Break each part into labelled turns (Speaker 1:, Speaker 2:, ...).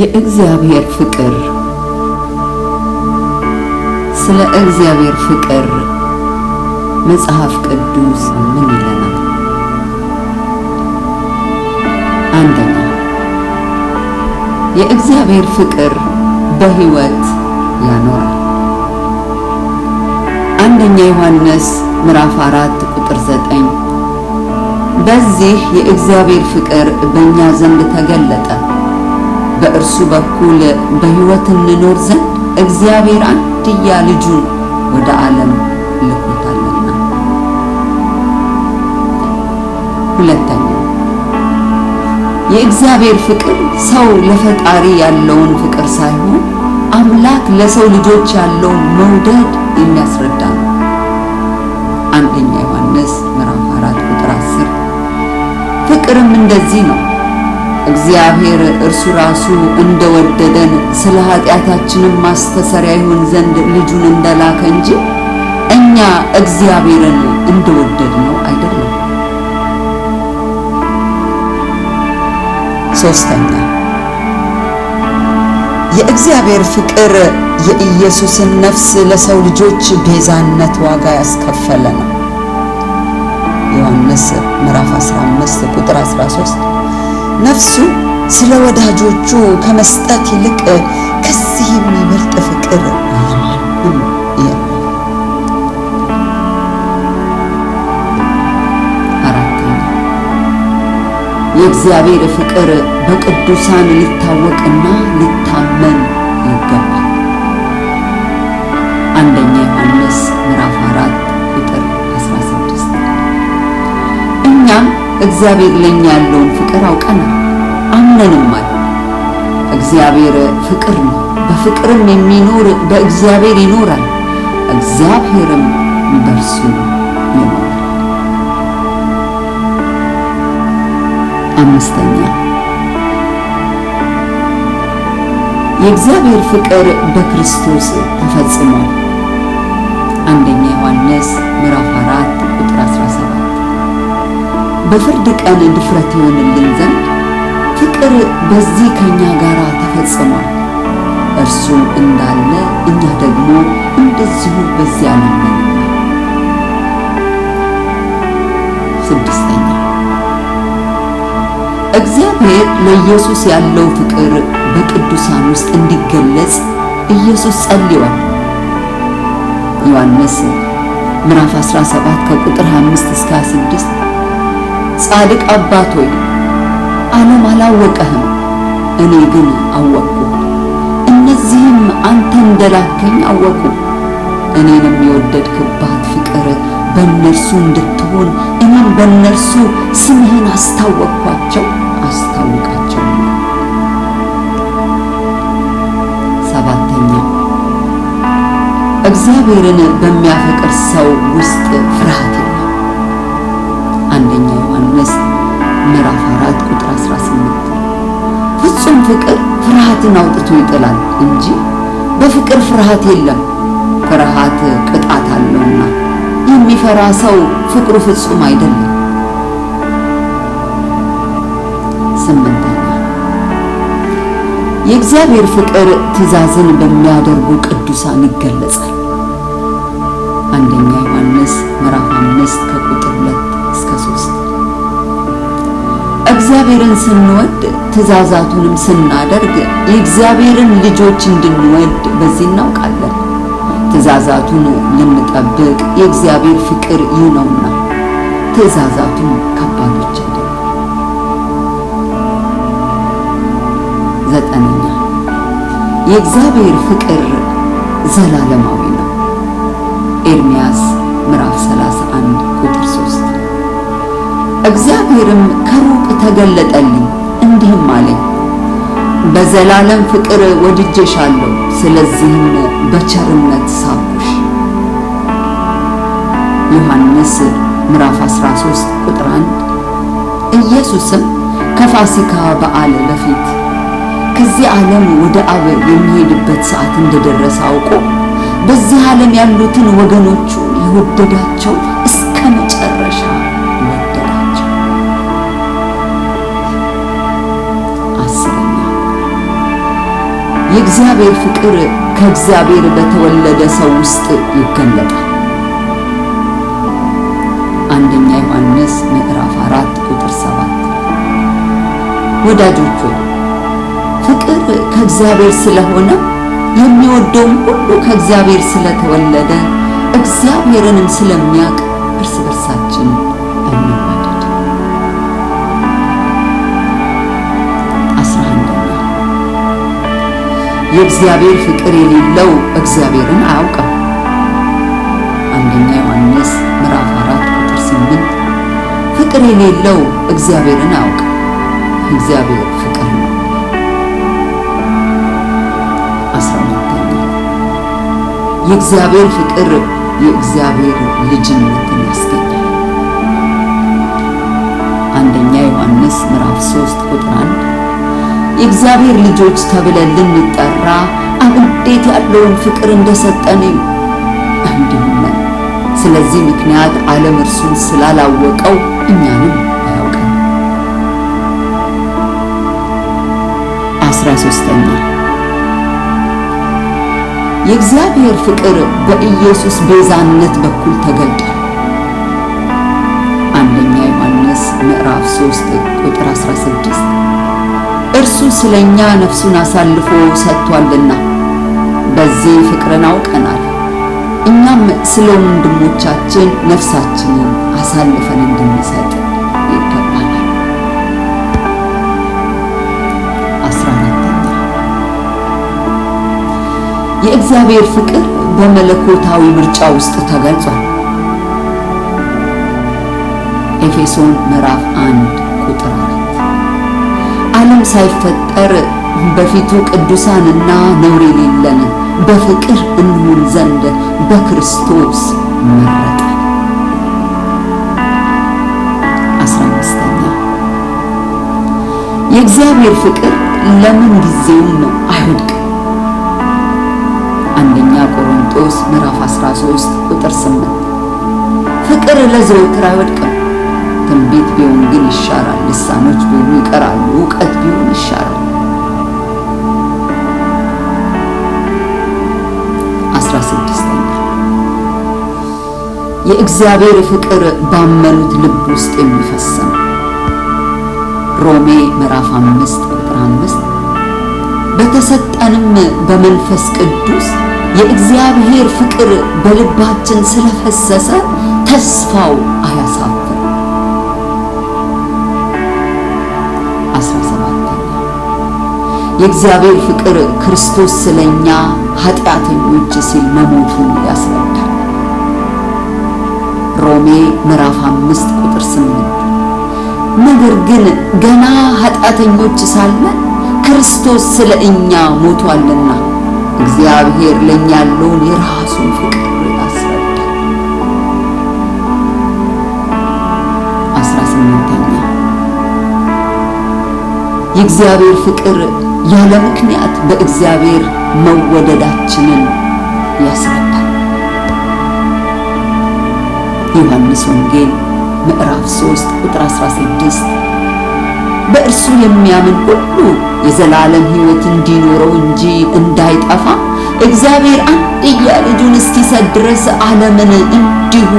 Speaker 1: የእግዚአብሔር ፍቅር ስለ እግዚአብሔር ፍቅር መጽሐፍ ቅዱስ ምን ይለናል? አንደኛ የእግዚአብሔር ፍቅር በሕይወት ያኖራል። አንደኛ ዮሐንስ ምዕራፍ 4 ቁጥር 9 በዚህ የእግዚአብሔር ፍቅር በእኛ ዘንድ ተገለጠ በእርሱ በኩል በሕይወት እንኖር ዘንድ እግዚአብሔር አንድያ ልጁን ወደ ዓለም ልኮታልና። ሁለተኛ የእግዚአብሔር ፍቅር ሰው ለፈጣሪ ያለውን ፍቅር ሳይሆን አምላክ ለሰው ልጆች ያለውን መውደድ የሚያስረዳ ነው። አንደኛ ዮሐንስ ምዕራፍ 4 ቁጥር 10 ፍቅርም እንደዚህ ነው እግዚአብሔር እርሱ ራሱ እንደወደደን ስለ ኃጢአታችንም ማስተሰሪያ ይሆን ዘንድ ልጁን እንደላከ እንጂ እኛ እግዚአብሔርን እንደወደድነው አይደለም። ሶስተኛ የእግዚአብሔር ፍቅር የኢየሱስን ነፍስ ለሰው ልጆች ቤዛነት ዋጋ ያስከፈለ ነው። ዮሐንስ ምዕራፍ 15 ቁጥር 13 ነፍሱ ስለ ወዳጆቹ ከመስጠት ይልቅ ከዚህ የሚበልጥ ፍቅር የእግዚአብሔር ፍቅር በቅዱሳን ሊታወቅና ሊታ እግዚአብሔር ለኛ ያለውን ፍቅር አውቀናል አምነንማል። እግዚአብሔር ፍቅር ነው፣ በፍቅርም የሚኖር በእግዚአብሔር ይኖራል፣ እግዚአብሔርም በርሱ ይኖራል። አምስተኛ የእግዚአብሔር ፍቅር በክርስቶስ ተፈጽሟል። አንደኛ ዮሐንስ ምዕራፍ 4 ቁጥር 17 በፍርድ ቀን ድፍረት ይሆንልን ዘንድ ፍቅር በዚህ ከኛ ጋር ተፈጽሟል። እርሱ እንዳለ እኛ ደግሞ እንደዚሁ በዚያ ነን። ስድስተኛ እግዚአብሔር ለኢየሱስ ያለው ፍቅር በቅዱሳን ውስጥ እንዲገለጽ ኢየሱስ ጸልዋል። ዮሐንስ ምዕራፍ 17 ከቁጥር 5 እስከ 6 ጻድቅ አባት ሆይ ዓለም አላወቀህም፣ እኔ ግን አወቅኩ። እነዚህም አንተ እንደላከኝ አወቁ። እኔን የወደድክባት ፍቅር በእነርሱ እንድትሆን እኔም በእነርሱ ስምህን አስታወቅኳቸው አስታውቃቸው። ሰባተኛ እግዚአብሔርን በሚያፈቅር ሰው ውስጥ ፍርሃት ምዕራፍ 4 ቁጥር 18 ፍጹም ፍቅር ፍርሃትን አውጥቶ ይጥላል እንጂ በፍቅር ፍርሃት የለም፣ ፍርሃት ቅጣት አለውና የሚፈራ ሰው ፍቅሩ ፍጹም አይደለም። ስምንተኛ የእግዚአብሔር ፍቅር ትእዛዝን በሚያደርጉ ቅዱሳን ይገለጻል። አንደኛ ዮሐንስ ምዕራፍ 5 ከቁጥር እግዚአብሔርን ስንወድ ትእዛዛቱንም ስናደርግ የእግዚአብሔርን ልጆች እንድንወድ በዚህ እናውቃለን። ትእዛዛቱን ልንጠብቅ የእግዚአብሔር ፍቅር ይህ ነውና ትእዛዛቱን ከባዶች ዘጠነኛ የእግዚአብሔር ፍቅር ዘላለማዊ ነው። ኤርምያስ ምዕራፍ 31 እግዚአብሔርም ከሩቅ ተገለጠልኝ እንዲህም አለኝ፣ በዘላለም ፍቅር ወድጄሻለሁ፣ ስለዚህም በቸርነት ሳብኩሽ። ዮሐንስ ምዕራፍ 13 ቁጥር 1። ኢየሱስም ከፋሲካ በዓል በፊት ከዚህ ዓለም ወደ አብ የሚሄድበት ሰዓት እንደደረሰ አውቆ በዚህ ዓለም ያሉትን ወገኖቹ የወደዳቸው የእግዚአብሔር ፍቅር ከእግዚአብሔር በተወለደ ሰው ውስጥ ይገለጣል። አንደኛ ዮሐንስ ምዕራፍ 4 ቁጥር 7። ወዳጆች ፍቅር ከእግዚአብሔር ስለሆነ የሚወደውም ሁሉ ከእግዚአብሔር ስለተወለደ እግዚአብሔርንም ስለሚያውቅ እርስ በርሳችን የእግዚአብሔር ፍቅር የሌለው እግዚአብሔርን አያውቅም። አንደኛ ዮሐንስ ምዕራፍ 4 ቁጥር 8 ፍቅር የሌለው እግዚአብሔርን አያውቅም፣ እግዚአብሔር ፍቅር ነው። አስራ የእግዚአብሔር ፍቅር የእግዚአብሔር ልጅነትን ያስገኛል። አንደኛ ዮሐንስ ምዕራፍ 3 ቁጥር 1 የእግዚአብሔር ልጆች ተብለን ልንጠራ አብ እንዴት ያለውን ፍቅር እንደሰጠን እንዲሁም ስለዚህ ምክንያት ዓለም እርሱን ስላላወቀው እኛንም አያውቀን። አስራ ሦስተኛ የእግዚአብሔር ፍቅር በኢየሱስ ቤዛነት በኩል ተገልጧል። አንደኛ ዮሐንስ ምዕራፍ 3 ቁጥር 16 እርሱ ስለኛ ነፍሱን አሳልፎ ሰጥቷልና በዚህ ፍቅርን አውቀናል። እኛም ስለ ወንድሞቻችን ነፍሳችንን አሳልፈን እንድንሰጥ ይገባናል። አስራ አራተኛ የእግዚአብሔር ፍቅር በመለኮታዊ ምርጫ ውስጥ ተገልጿል። ኤፌሶን ምዕራፍ 1 ቁጥር ዓለም ሳይፈጠር በፊቱ ቅዱሳንና ነውር የሌለን በፍቅር እንሁን ዘንድ በክርስቶስ መረጠ። አስራ አምስተኛ የእግዚአብሔር ፍቅር ለምን ጊዜውም አይወድቅም። አንደኛ ቆሮንቶስ ምዕራፍ 13 ቁጥር 8 ፍቅር ለዘወትር አይወድቅም። ትንቢት ቢሆን ግን ይሻራል። ልሳኖች ቢሆኑ ይቀራሉ። እውቀት ቢሆን ይሻራል። 16 የእግዚአብሔር ፍቅር ባመኑት ልብ ውስጥ የሚፈስ ነው። ሮሜ ምዕራፍ አምስት ቁጥር አምስት በተሰጠንም በመንፈስ ቅዱስ የእግዚአብሔር ፍቅር በልባችን ስለፈሰሰ ተስፋው አያሳፍርም። የእግዚአብሔር ፍቅር ክርስቶስ ስለኛ ኃጢአተኞች ሲል መሞቱን ያስረዳል። ሮሜ ምዕራፍ 5 ቁጥር 8። ነገር ግን ገና ኃጢአተኞች ሳለን ክርስቶስ ስለ እኛ ሞቷልና እግዚአብሔር ለኛ ያለውን የራሱን ፍቅር ያስረዳል። የእግዚአብሔር ፍቅር ያለ ምክንያት በእግዚአብሔር መወደዳችንን ያስረዳል። ዮሐንስ ወንጌል ምዕራፍ 3 ቁጥር 16 በእርሱ የሚያምን ሁሉ የዘላለም ሕይወት እንዲኖረው እንጂ እንዳይጠፋ እግዚአብሔር አንድያ ልጁን እስኪሰጥ ድረስ ዓለምን እንዲሁ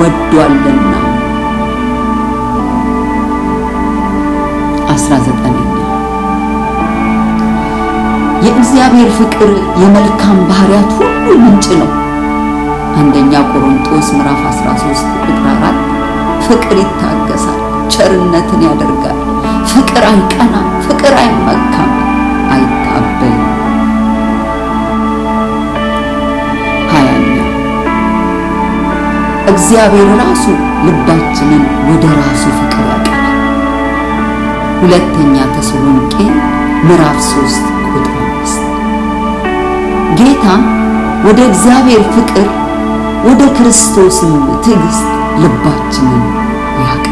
Speaker 1: ወዷልና 19 የእግዚአብሔር ፍቅር የመልካም ባህሪያት ሁሉ ምንጭ ነው። አንደኛ ቆሮንቶስ ምዕራፍ 13 ቁጥር 4 ፍቅር ይታገሳል፣ ቸርነትን ያደርጋል፣ ፍቅር አይቀናም፣ ፍቅር አይመካም፣ አይታበይም። ሀያኛ እግዚአብሔር ራሱ ልባችንን ወደ ራሱ ፍቅር ያቀናል። ሁለተኛ ተሰሎንቄ ምዕራፍ 3 ጌታ ወደ እግዚአብሔር ፍቅር፣ ወደ ክርስቶስም ትዕግሥት ልባችንን ያቅ